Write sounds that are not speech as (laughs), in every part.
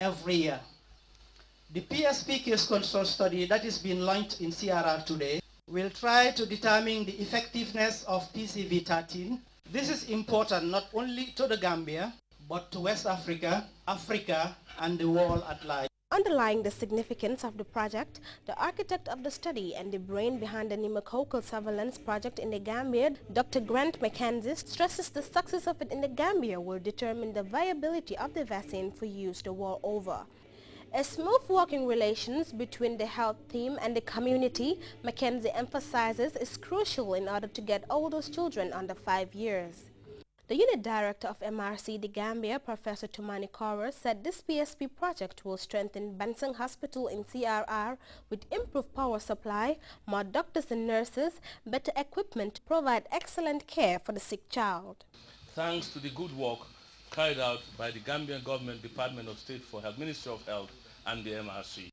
every year. The PSP case control study that is being launched in CRR today will try to determine the effectiveness of PCV13. This is important not only to the Gambia, but to West Africa, Africa, and the world at large. Underlying the significance of the project, the architect of the study and the brain behind the pneumococcal surveillance project in the Gambia, Dr. Grant McKenzie, stresses the success of it in the Gambia will determine the viability of the vaccine for use the world over. A smooth working relations between the health team and the community, McKenzie emphasizes, is crucial in order to get all those children under five years. The unit director of MRC The Gambia, Professor Tumani Kaur, said this PSP project will strengthen Bansang Hospital in CRR with improved power supply, more doctors and nurses, better equipment to provide excellent care for the sick child. Thanks to the good work carried out by the Gambian Government Department of State for Health, Ministry of Health and the MRC.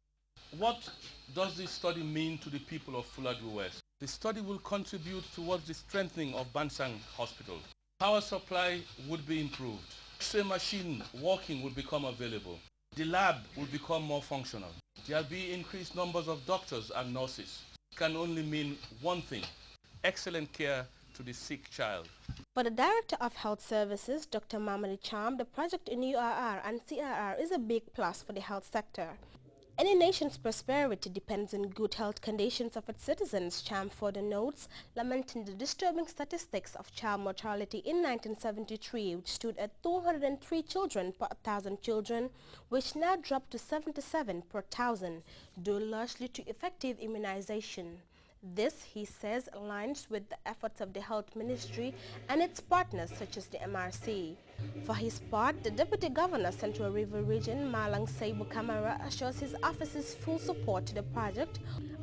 What does this study mean to the people of Fuladu West? The study will contribute towards the strengthening of Bansang Hospital. Power supply would be improved. X-ray machine working would become available. The lab would become more functional. There'll be increased numbers of doctors and nurses. It can only mean one thing, excellent care to the sick child. For the Director of Health Services, Dr. Mamadi Cham, the project in URR and CRR is a big plus for the health sector. Any nation's prosperity depends on good health conditions of its citizens, Chamford notes, lamenting the disturbing statistics of child mortality in 1973, which stood at 203 children per 1,000 children, which now dropped to 77 per 1,000, due largely to effective immunization. This, he says, aligns with the efforts of the Health Ministry and its partners such as the MRC. For his part, the Deputy Governor, Central River Region, Malang Seibu Kamara, assures his office's full support to the project,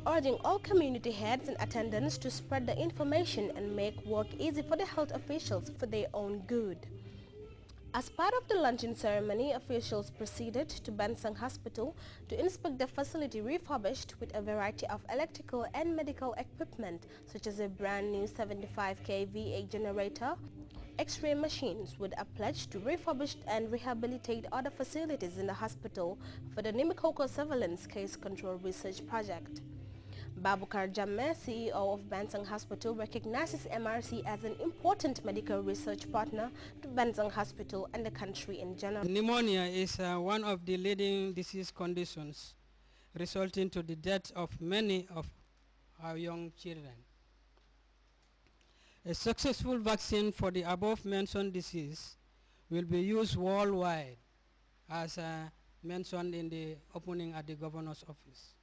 urging all community heads and attendants to spread the information and make work easy for the health officials for their own good. As part of the luncheon ceremony, officials proceeded to Bansang Hospital to inspect the facility refurbished with a variety of electrical and medical equipment such as a brand new 75 kVA generator, X-ray machines with a pledge to refurbish and rehabilitate other facilities in the hospital for the pneumococcal surveillance case control research project. Babukar Jammeh, CEO of Bensang Hospital, recognizes MRC as an important medical research partner to Bensang Hospital and the country in general. Pneumonia is uh, one of the leading disease conditions resulting to the death of many of our young children. A successful vaccine for the above-mentioned disease will be used worldwide as uh, mentioned in the opening at the governor's office.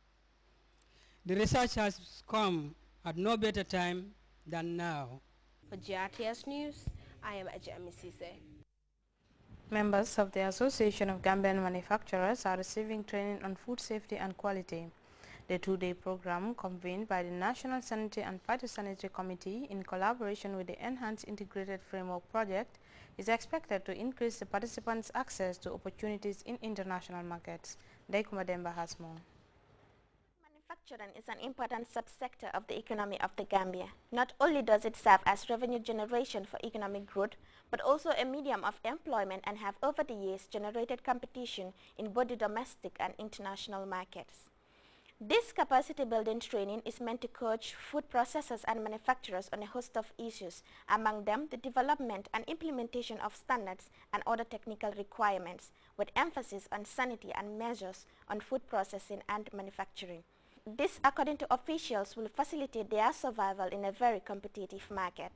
The research has come at no better time than now. For GRTS News, I am Ajami Sise. Members of the Association of Gambian Manufacturers are receiving training on food safety and quality. The two-day program convened by the National Sanitary and Phytosanitary Committee in collaboration with the Enhanced Integrated Framework Project is expected to increase the participants' access to opportunities in international markets. Daikuma Demba has more. Manufacturing is an important subsector of the economy of the Gambia. Not only does it serve as revenue generation for economic growth, but also a medium of employment and have over the years generated competition in both the domestic and international markets. This capacity building training is meant to coach food processors and manufacturers on a host of issues, among them the development and implementation of standards and other technical requirements, with emphasis on sanity and measures on food processing and manufacturing. This, according to officials, will facilitate their survival in a very competitive market.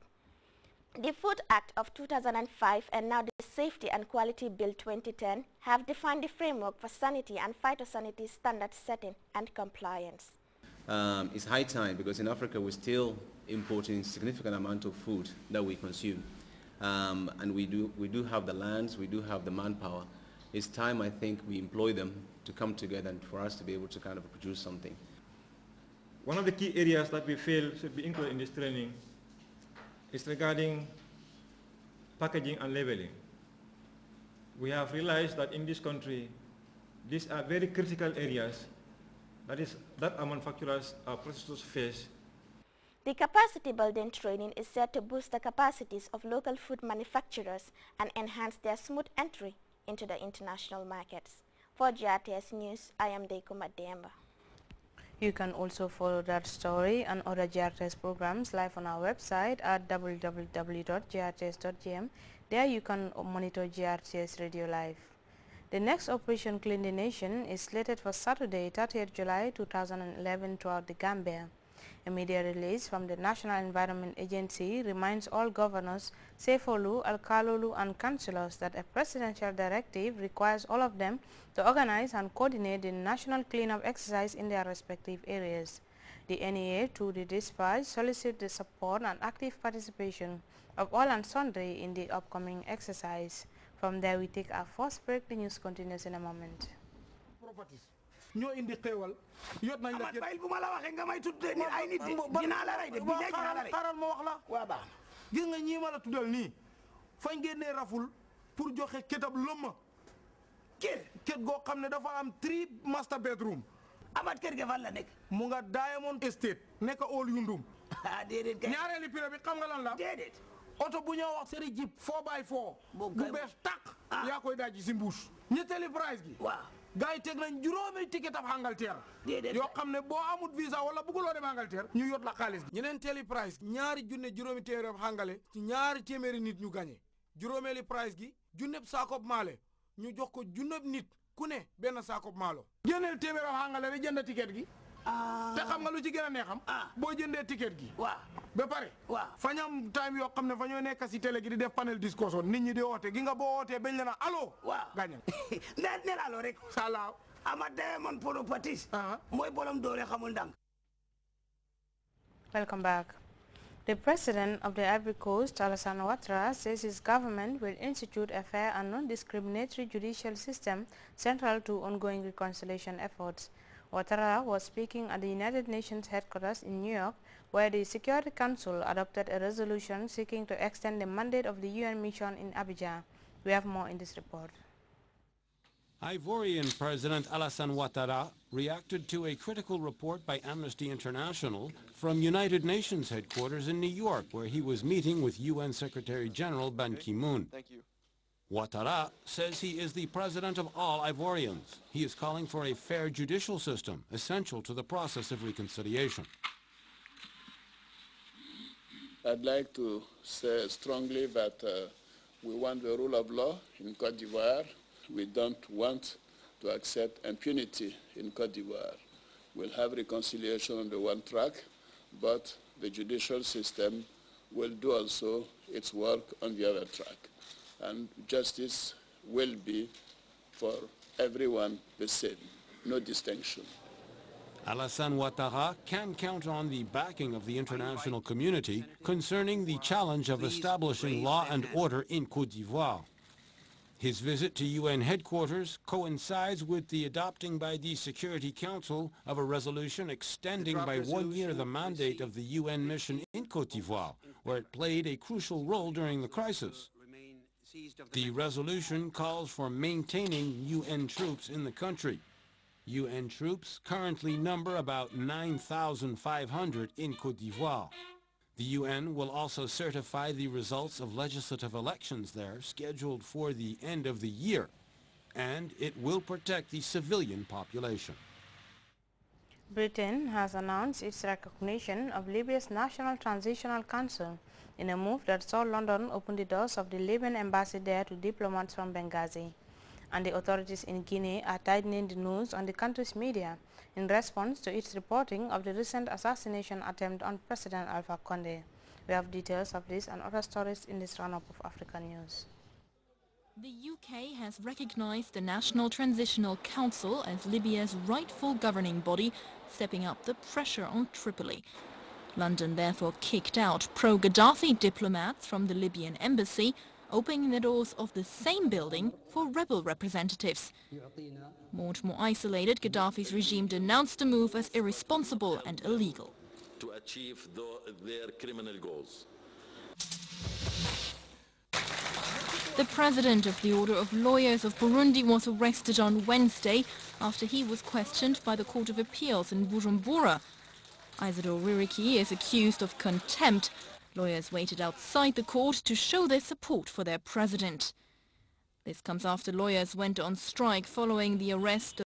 The Food Act of 2005 and now the Safety and Quality Bill 2010 have defined the framework for sanity and phytosanitary standard setting and compliance. Um, it's high time because in Africa we're still importing significant amount of food that we consume. Um, and we do, we do have the lands, we do have the manpower. It's time I think we employ them to come together and for us to be able to kind of produce something. One of the key areas that we feel should be included in this training is regarding packaging and labeling. We have realized that in this country, these are very critical areas that, is, that our manufacturers, are processors face the capacity building training is set to boost the capacities of local food manufacturers and enhance their smooth entry into the international markets. For GRTS News, I am Deku Mademba. You can also follow that story and other GRTS programs live on our website at www.grts.gm. There you can monitor GRTS radio live. The next Operation Clean the Nation is slated for Saturday, 30th July 2011 throughout the Gambia. A media release from the National Environment Agency reminds all governors, Sefolu, Alkalulu and councillors that a presidential directive requires all of them to organize and coordinate the national cleanup exercise in their respective areas. The NEA, through the dispatch, solicits the support and active participation of all and sundry in the upcoming exercise. From there, we take our first break. The news continues in a moment. Properties. ñoo indi xéewal yot nañ la. Amath bu ma la waxee nga may tuddee ni ay nit di dinaa la rey de bii dinaa ma wax la. waa baax na gis nga ñii nii fañ génnee raful pour joxe ketab lëmma. kër kër goo xam ne dafa am three master bedroom. Amath kër gi fan la nekk. mu nga Diamond Estate. nekk Old Yundum. (laughs) ah déedéet kay ñaareelu pire bi xam nga lan la. déedéet. oto bu ñoo wax seri jip 4 by 4. bu bees tàq. Ah. yaa koy daaj si mbuus. ñetteelu price gi. waaw. gars yi teg nañ juróomi ticket ab Angleterre yoo xam ne boo amul visa wala bëgguloo dem Angleterre ñu yot la xaalis bi ñeneen teeli prize ñaari junne juróomi téeméeri ab xàngale ci ñaari téeméeri nit ñu gañe juróomeeli prize gi junneb saakob maale ñu jox ko junneb nit ku ne benn saakob maalo génneel téeméeri ab xàngale rek jënd ticket gi Ah. te xam nga lu ci neexam. Ah. ticket gi. ba pare. time nekk télé gi di def panel discussion nit ñi di gi nga bañ la na allo. (laughs) allo rek. ama ah. xamul welcome back. The president of the Ivory Coast, Alassane Ouattara, says his government will institute a fair and non-discriminatory judicial system central to ongoing reconciliation efforts. Ouattara was speaking at the United Nations headquarters in New York, where the Security Council adopted a resolution seeking to extend the mandate of the UN mission in Abidjan. We have more in this report. Ivorian President Alassane Ouattara reacted to a critical report by Amnesty International from United Nations headquarters in New York, where he was meeting with UN Secretary General Ban Ki-moon. Thank you. Ouattara says he is the president of all Ivorians. He is calling for a fair judicial system, essential to the process of reconciliation. I'd like to say strongly that uh, we want the rule of law in Cote d'Ivoire. We don't want to accept impunity in Cote d'Ivoire. We'll have reconciliation on the one track, but the judicial system will do also its work on the other track and justice will be for everyone the same, no distinction. Alassane Ouattara can count on the backing of the international community concerning the challenge of establishing law and order in Côte d'Ivoire. His visit to UN headquarters coincides with the adopting by the Security Council of a resolution extending by one year the mandate of the UN mission in Côte d'Ivoire, where it played a crucial role during the crisis. The resolution calls for maintaining UN troops in the country. UN troops currently number about 9,500 in Cote d'Ivoire. The UN will also certify the results of legislative elections there scheduled for the end of the year, and it will protect the civilian population. Britain has announced its recognition of Libya's National Transitional Council in a move that saw London open the doors of the Libyan embassy there to diplomats from Benghazi. And the authorities in Guinea are tightening the noose on the country's media in response to its reporting of the recent assassination attempt on President Alpha Conde. We have details of this and other stories in this roundup of African news. The UK has recognised the National Transitional Council as Libya's rightful governing body, stepping up the pressure on Tripoli. London therefore kicked out pro-Gaddafi diplomats from the Libyan embassy, opening the doors of the same building for rebel representatives. More and more isolated, Gaddafi's regime denounced the move as irresponsible and illegal. To achieve the, their criminal goals. The president of the Order of Lawyers of Burundi was arrested on Wednesday after he was questioned by the Court of Appeals in Bujumbura. Isidore Ririki is accused of contempt. Lawyers waited outside the court to show their support for their president. This comes after lawyers went on strike following the arrest